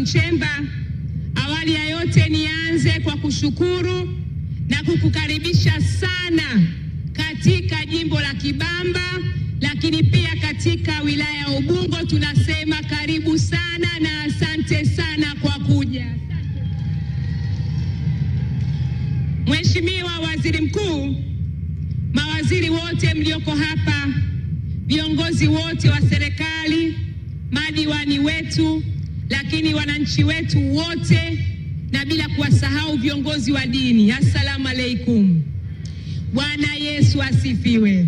Nchemba, awali ya yote nianze kwa kushukuru na kukukaribisha sana katika jimbo la Kibamba, lakini pia katika wilaya ya Ubungo. Tunasema karibu sana na asante sana kwa kuja. Mheshimiwa Waziri Mkuu, mawaziri wote mlioko hapa, viongozi wote wa serikali, madiwani wetu lakini wananchi wetu wote, na bila kuwasahau viongozi wa dini. Assalamu alaikum. Bwana Yesu asifiwe.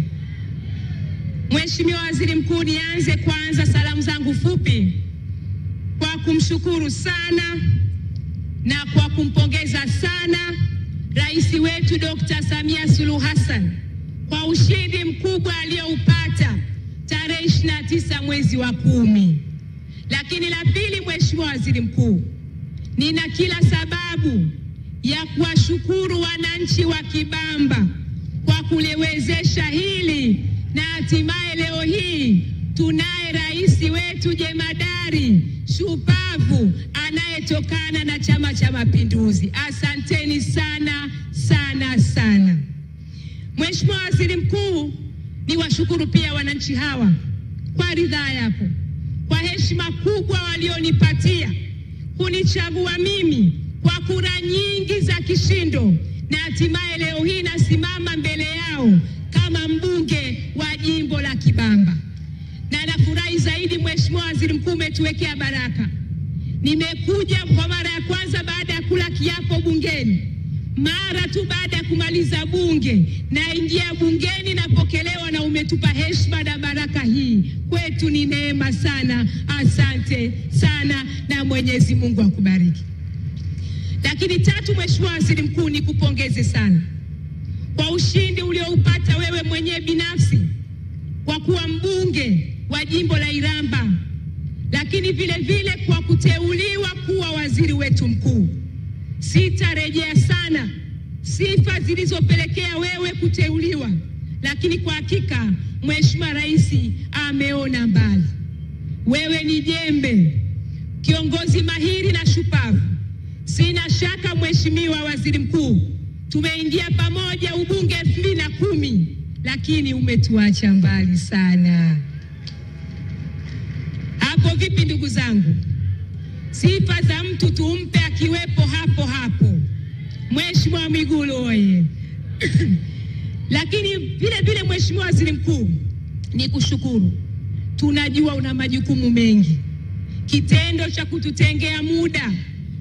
Mheshimiwa Waziri Mkuu, nianze kwanza salamu zangu fupi kwa kumshukuru sana na kwa kumpongeza sana Rais wetu Dr. Samia Suluhu Hassan kwa ushindi mkubwa alioupata tarehe 29 mwezi wa kumi. Lakini la pili, Mheshimiwa Waziri Mkuu, nina kila sababu ya kuwashukuru wananchi wa Kibamba kwa kuliwezesha hili na hatimaye leo hii tunaye rais wetu jemadari shupavu anayetokana na Chama cha Mapinduzi. Asanteni sana sana sana. Mheshimiwa Waziri Mkuu, ni washukuru pia wananchi hawa kwa ridhaa yako heshima kubwa walionipatia kunichagua mimi kwa kura nyingi za kishindo, na hatimaye leo hii nasimama mbele yao kama mbunge wa jimbo la Kibamba, na nafurahi zaidi. Mheshimiwa Waziri Mkuu, umetuwekea baraka. Nimekuja kwa mara ya kwanza baada ya kula kiapo bungeni mara tu baada ya kumaliza bunge, naingia bungeni, napokelewa na umetupa heshima na baraka hii, kwetu ni neema sana. Asante sana na Mwenyezi Mungu akubariki. Lakini tatu, Mheshimiwa Waziri Mkuu, nikupongeze sana kwa ushindi ulioupata wewe mwenyewe binafsi kwa kuwa mbunge wa jimbo la Iramba, lakini vile vile kwa kuteuliwa kuwa waziri wetu mkuu. Sitarejea sana sifa zilizopelekea wewe kuteuliwa, lakini kwa hakika Mheshimiwa Rais ameona mbali. Wewe ni jembe, kiongozi mahiri na shupavu. Sina shaka Mheshimiwa Waziri Mkuu, tumeingia pamoja ubunge elfu mbili na kumi lakini umetuacha mbali sana. Hapo vipi ndugu zangu? Sifa za mtu tumpe akiwepo hapo hapo. Mheshimiwa Mwigulu oye! Lakini vile vile, Mheshimiwa Waziri Mkuu, ni kushukuru. Tunajua una majukumu mengi. Kitendo cha kututengea muda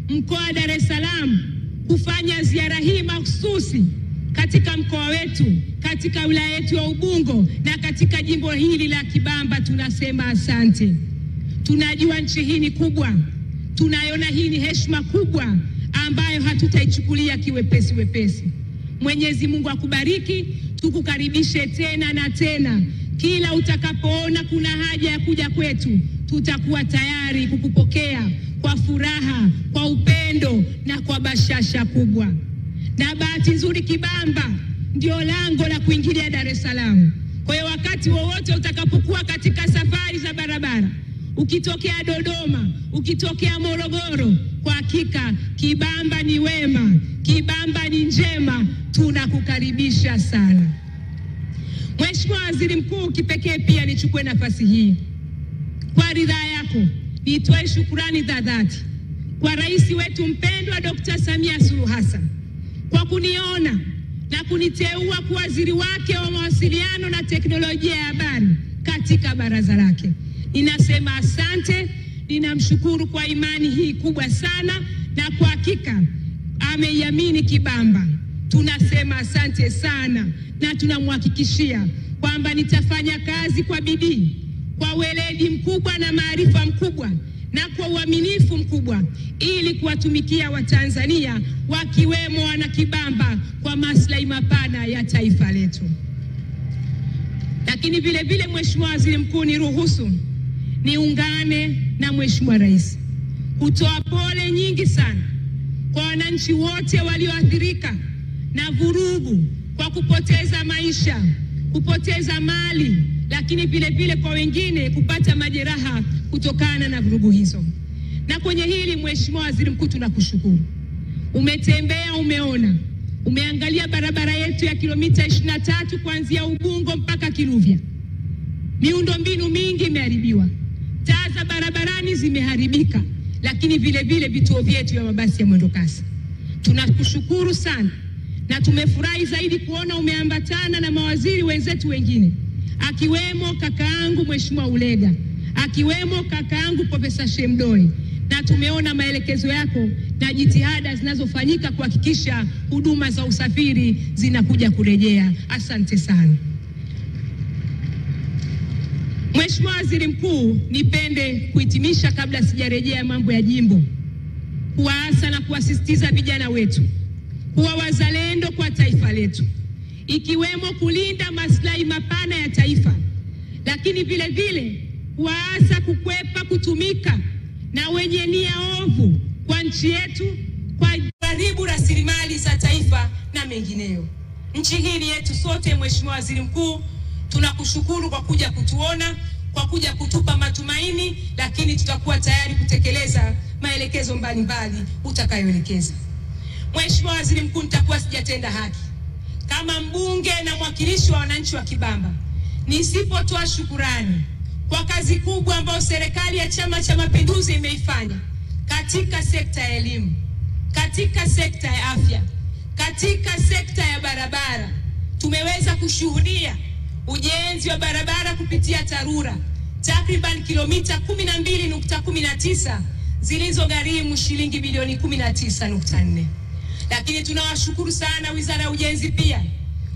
mkoa wa Dar es Salaam kufanya ziara hii mahususi katika mkoa wetu, katika wilaya yetu ya Ubungo na katika jimbo hili la Kibamba, tunasema asante. Tunajua nchi hii ni kubwa tunayona hii ni heshima kubwa ambayo hatutaichukulia kiwepesi wepesi. Mwenyezi Mungu akubariki, tukukaribishe tena na tena. Kila utakapoona kuna haja ya kuja kwetu, tutakuwa tayari kukupokea kwa furaha, kwa upendo na kwa bashasha kubwa. Na bahati nzuri, Kibamba ndio lango la kuingilia Dar es Salaam. Kwa hiyo wakati wowote utakapokuwa katika safari za barabara ukitokea Dodoma, ukitokea Morogoro, kwa hakika Kibamba ni wema, Kibamba ni njema, tunakukaribisha sana. Mheshimiwa Waziri Mkuu, kipekee pia nichukue nafasi hii kwa ridhaa yako nitoe shukurani za dhati kwa rais wetu mpendwa Dr. Samia Suluhu Hassan kwa kuniona na kuniteua kuwa waziri wake wa mawasiliano na teknolojia ya habari katika baraza lake inasema asante, ninamshukuru kwa imani hii kubwa sana, na kwa hakika ameiamini kibamba. Tunasema asante sana na tunamhakikishia kwamba nitafanya kazi kwa bidii, kwa weledi mkubwa na maarifa mkubwa na kwa uaminifu mkubwa ili kuwatumikia Watanzania wakiwemo wana Kibamba kwa maslahi mapana ya taifa letu. Lakini vile vile, Mheshimiwa Waziri Mkuu, niruhusu niungane na Mheshimiwa Rais kutoa pole nyingi sana kwa wananchi wote walioathirika na vurugu kwa kupoteza maisha, kupoteza mali, lakini vile vile kwa wengine kupata majeraha kutokana na vurugu hizo. Na kwenye hili Mheshimiwa Waziri Mkuu, tunakushukuru umetembea, umeona, umeangalia barabara yetu ya kilomita tatu kuanzia Ubungo mpaka kiruvya Miundombinu mingi imeharibiwa taa za barabarani zimeharibika, lakini vile vile vituo vyetu vya mabasi ya mwendokasi. Tunakushukuru sana na tumefurahi zaidi kuona umeambatana na mawaziri wenzetu wengine akiwemo kakaangu Mheshimiwa Ulega, akiwemo kakaangu Profesa Shemdoe, na tumeona maelekezo yako na jitihada zinazofanyika kuhakikisha huduma za usafiri zinakuja kurejea. Asante sana. Mheshimiwa Waziri Mkuu, nipende kuhitimisha kabla sijarejea mambo ya jimbo, kuwaasa na kuwasisitiza vijana wetu kuwa wazalendo kwa taifa letu, ikiwemo kulinda maslahi mapana ya taifa, lakini vile vile kuwaasa kukwepa kutumika na wenye nia ovu kwa nchi yetu kwa kuharibu rasilimali za taifa na mengineyo. Nchi hii ni yetu sote, Mheshimiwa Waziri Mkuu. Tunakushukuru kwa kuja kutuona, kwa kuja kutupa matumaini, lakini tutakuwa tayari kutekeleza maelekezo mbalimbali utakayoelekeza. Mheshimiwa Waziri Mkuu, nitakuwa sijatenda haki kama mbunge na mwakilishi wa wananchi wa Kibamba nisipotoa shukurani kwa kazi kubwa ambayo serikali ya Chama cha Mapinduzi imeifanya katika sekta ya elimu, katika sekta ya afya, katika sekta ya barabara tumeweza kushuhudia ujenzi wa barabara kupitia TARURA takriban kilomita 12.19 zilizogharimu shilingi bilioni 19.4. Lakini tunawashukuru sana Wizara ya Ujenzi pia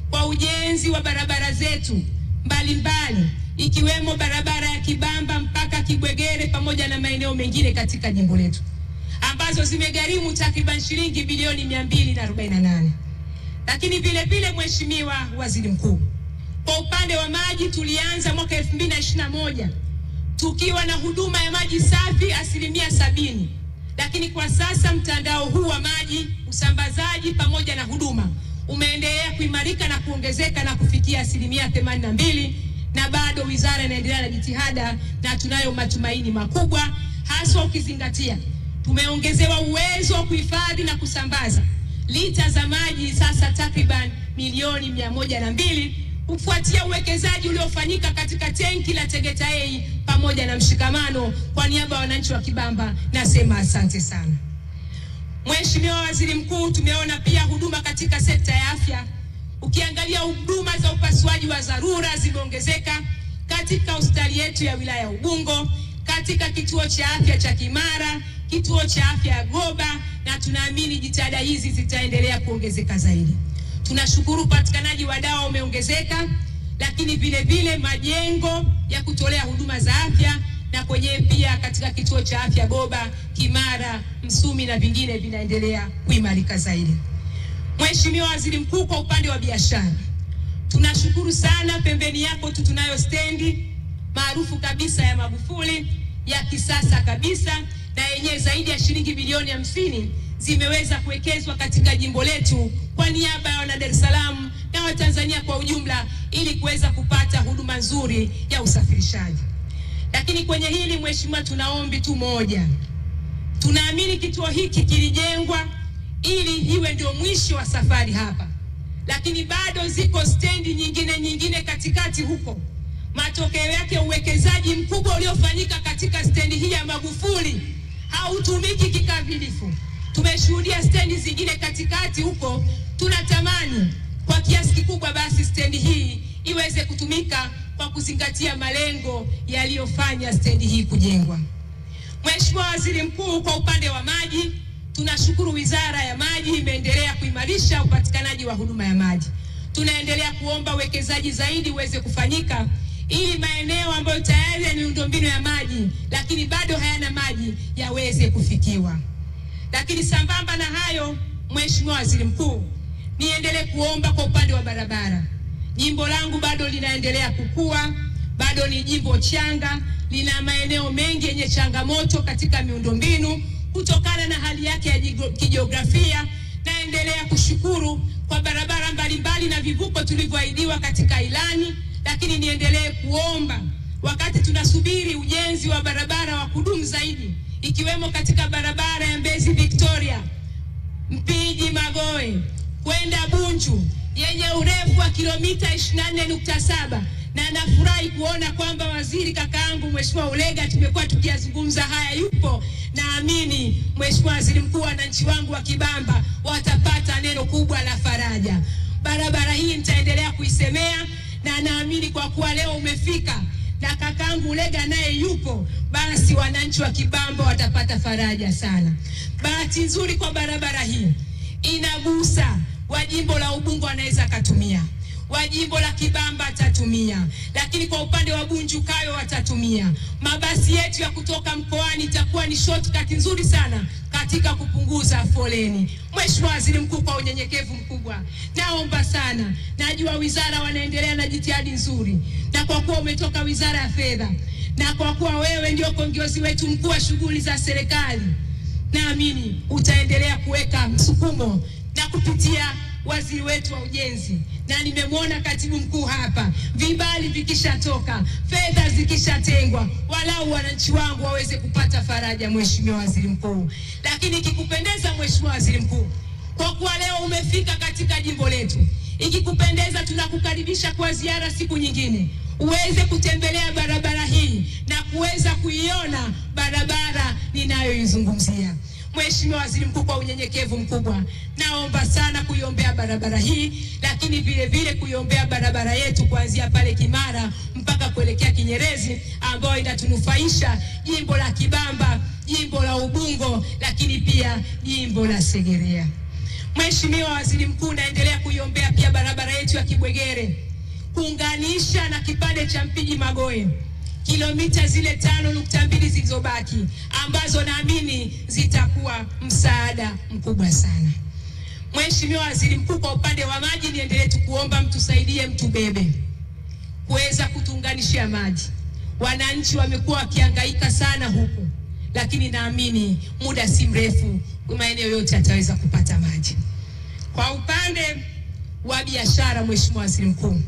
kwa ujenzi wa barabara zetu mbalimbali ikiwemo barabara ya Kibamba mpaka Kibwegere pamoja na maeneo mengine katika jimbo letu ambazo zimegharimu takriban shilingi bilioni 248. Lakini vile vile Mheshimiwa Waziri Mkuu kwa upande wa maji tulianza mwaka 2021 tukiwa na huduma ya maji safi asilimia sabini, lakini kwa sasa mtandao huu wa maji, usambazaji pamoja na huduma umeendelea kuimarika na kuongezeka na kufikia asilimia 82 na bado wizara inaendelea na jitihada na tunayo matumaini makubwa, haswa ukizingatia tumeongezewa uwezo wa kuhifadhi na kusambaza lita za maji sasa takriban milioni mia moja na mbili kufuatia uwekezaji uliofanyika katika tenki la Tegeta A pamoja na Mshikamano. Kwa niaba ya wananchi wa Kibamba nasema asante sana. Mheshimiwa Waziri Mkuu, tumeona pia huduma katika sekta ya afya. Ukiangalia huduma za upasuaji wa dharura zimeongezeka katika hospitali yetu ya wilaya ya Ubungo, katika kituo cha afya cha Kimara, kituo cha afya ya Goba, na tunaamini jitihada hizi zitaendelea kuongezeka zaidi. Tunashukuru upatikanaji wa dawa umeongezeka, lakini vile vile majengo ya kutolea huduma za afya na kwenyewe pia katika kituo cha afya Goba, Kimara, Msumi na vingine vinaendelea kuimarika zaidi. Mheshimiwa Waziri Mkuu, kwa upande wa biashara tunashukuru sana. Pembeni yako tu tunayo stendi maarufu kabisa ya Magufuli ya kisasa kabisa, na yenyewe zaidi ya shilingi bilioni hamsini zimeweza kuwekezwa katika jimbo letu kwa niaba ya wana Dar es Salaam na Watanzania kwa ujumla ili kuweza kupata huduma nzuri ya usafirishaji. Lakini kwenye hili mheshimiwa, tunaombi tu moja, tunaamini kituo hiki kilijengwa ili iwe ndio mwisho wa safari hapa, lakini bado ziko stendi nyingine nyingine katikati huko. Matokeo yake uwekezaji mkubwa uliofanyika katika stendi hii ya Magufuli hautumiki kikamilifu. Tumeshuhudia stendi zingine katikati huko. Tunatamani kwa kiasi kikubwa basi stendi hii iweze kutumika kwa kuzingatia malengo yaliyofanya stendi hii kujengwa. Mheshimiwa Waziri Mkuu, kwa upande wa maji, tunashukuru Wizara ya Maji imeendelea kuimarisha upatikanaji wa huduma ya maji. Tunaendelea kuomba uwekezaji zaidi uweze kufanyika ili maeneo ambayo tayari yana miundombinu ya maji lakini bado hayana maji yaweze kufikiwa. Lakini sambamba na hayo, Mheshimiwa Waziri Mkuu, niendelee kuomba kwa upande wa barabara. Jimbo langu bado linaendelea kukua, bado ni jimbo changa, lina maeneo mengi yenye changamoto katika miundombinu kutokana na hali yake ya kijiografia. Naendelea kushukuru kwa barabara mbalimbali na vivuko tulivyoahidiwa katika ilani, lakini niendelee kuomba wakati tunasubiri ujenzi wa barabara wa kudumu zaidi ikiwemo katika barabara ya Mbezi Victoria, Mpiji Magoe kwenda Bunju yenye urefu wa kilomita 24.7 na nafurahi kuona kwamba waziri kakaangu Mheshimiwa Ulega tumekuwa tukiyazungumza haya yupo. Naamini Mheshimiwa Waziri Mkuu, wananchi wangu wa Kibamba watapata neno kubwa la faraja. Barabara hii nitaendelea kuisemea na naamini kwa kuwa leo umefika na kakangu Ulega naye yupo, basi wananchi wa Kibamba watapata faraja sana. Bahati nzuri kwa barabara hii inagusa wa jimbo la Ubungo anaweza akatumia wa jimbo la Kibamba atatumia, lakini kwa upande wa Bunju Kayo watatumia. Mabasi yetu ya kutoka mkoani itakuwa ni shortcut nzuri sana katika kupunguza foleni. Mheshimiwa Waziri Mkuu, kwa unyenyekevu mkubwa, naomba sana, najua wizara wanaendelea na jitihadi nzuri, na kwa kuwa umetoka wizara ya fedha na kwa kuwa wewe ndio kiongozi wetu mkuu wa shughuli za serikali, naamini utaendelea kuweka msukumo na kupitia waziri wetu wa ujenzi na nimemwona katibu mkuu hapa, vibali vikishatoka, fedha zikishatengwa, walau wananchi wangu waweze kupata faraja, Mheshimiwa Waziri Mkuu. Lakini ikikupendeza Mheshimiwa Waziri Mkuu, kwa kuwa leo umefika katika jimbo letu, ikikupendeza tunakukaribisha kwa ziara siku nyingine uweze kutembelea barabara hii na kuweza kuiona barabara ninayoizungumzia. Mheshimiwa Waziri Mkuu, kwa unyenyekevu mkubwa, naomba sana kuiombea barabara hii, lakini vile vile kuiombea barabara yetu kuanzia pale Kimara mpaka kuelekea Kinyerezi, ambayo inatunufaisha jimbo la Kibamba, jimbo la Ubungo, lakini pia jimbo la Segerea. Mheshimiwa Waziri Mkuu, naendelea kuiombea pia barabara yetu ya Kibwegere kuunganisha na kipande cha Mpiji Magoe kilomita zile tano nukta mbili zilizobaki ambazo naamini zitakuwa msaada mkubwa sana. Mheshimiwa Waziri Mkuu, kwa upande wa maji niendelee tu kuomba mtusaidie, mtubebe kuweza kutuunganishia maji. Wananchi wamekuwa wakihangaika sana huku, lakini naamini muda si mrefu maeneo yote ataweza kupata maji. Kwa upande wa biashara, Mheshimiwa Waziri Mkuu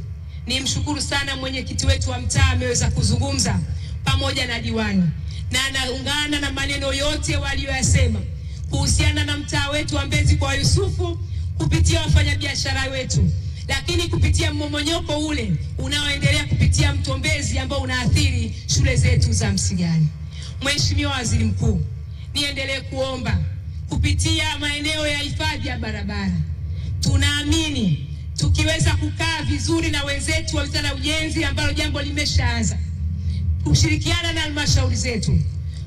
Nimshukuru sana mwenyekiti wetu wa mtaa ameweza kuzungumza pamoja na diwani na anaungana na maneno yote waliyoyasema kuhusiana na mtaa wetu wa Mbezi kwa Yusufu kupitia wafanyabiashara wetu, lakini kupitia mmomonyoko ule unaoendelea kupitia mto Mbezi ambao unaathiri shule zetu za Msigani. Mheshimiwa Waziri Mkuu, niendelee kuomba kupitia maeneo ya hifadhi ya barabara, tunaamini tukiweza kukaa vizuri na wenzetu wa wizara ya ujenzi, ambalo jambo limeshaanza, kushirikiana na halmashauri zetu,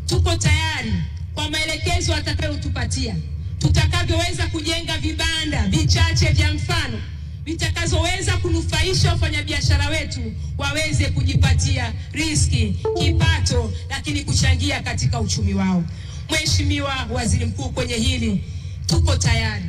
tuko tayari kwa maelekezo atakayotupatia tutakavyoweza kujenga vibanda vichache vya mfano vitakazoweza kunufaisha wafanyabiashara wetu waweze kujipatia riski, kipato, lakini kuchangia katika uchumi wao. Mheshimiwa Waziri Mkuu, kwenye hili tuko tayari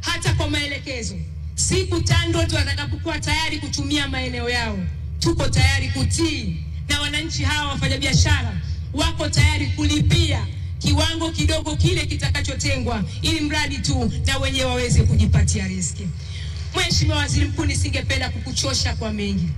hata kwa maelekezo Siku TANROADS watakapokuwa tayari kutumia maeneo yao, tuko tayari kutii, na wananchi hawa wafanyabiashara wako tayari kulipia kiwango kidogo kile kitakachotengwa, ili mradi tu na wenyewe waweze kujipatia riziki. Mheshimiwa Waziri Mkuu, nisingependa kukuchosha kwa mengi,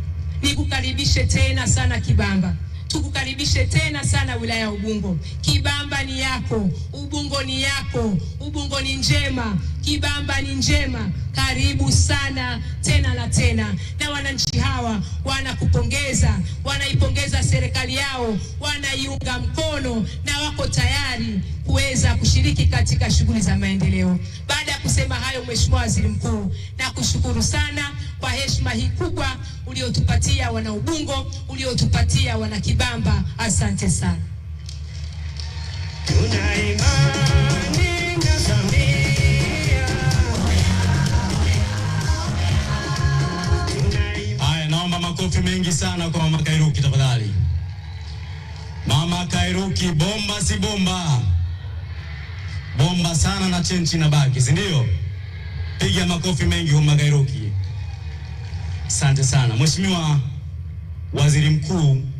nikukaribishe tena sana Kibamba, tukukaribishe tena sana wilaya ya Ubungo. Kibamba ni yako. Ubungo ni yako, Ubungo ni njema, Kibamba ni njema. Karibu sana tena la tena, na wananchi hawa wanakupongeza, wanaipongeza serikali yao, wanaiunga mkono na wako tayari kuweza kushiriki katika shughuli za maendeleo. Baada ya kusema hayo, Mheshimiwa Waziri Mkuu, nakushukuru sana kwa heshima hii kubwa uliotupatia wana Ubungo, uliotupatia wana Kibamba. Asante sana. Aya, makofi mengi sana kwa Mama Kairuki tafadhali. Mama Kairuki bomba si bomba, bomba sana na chenchi na baki, si ndio? Piga makofi mengi kwa Mama Kairuki. Asante sana Mheshimiwa Waziri Mkuu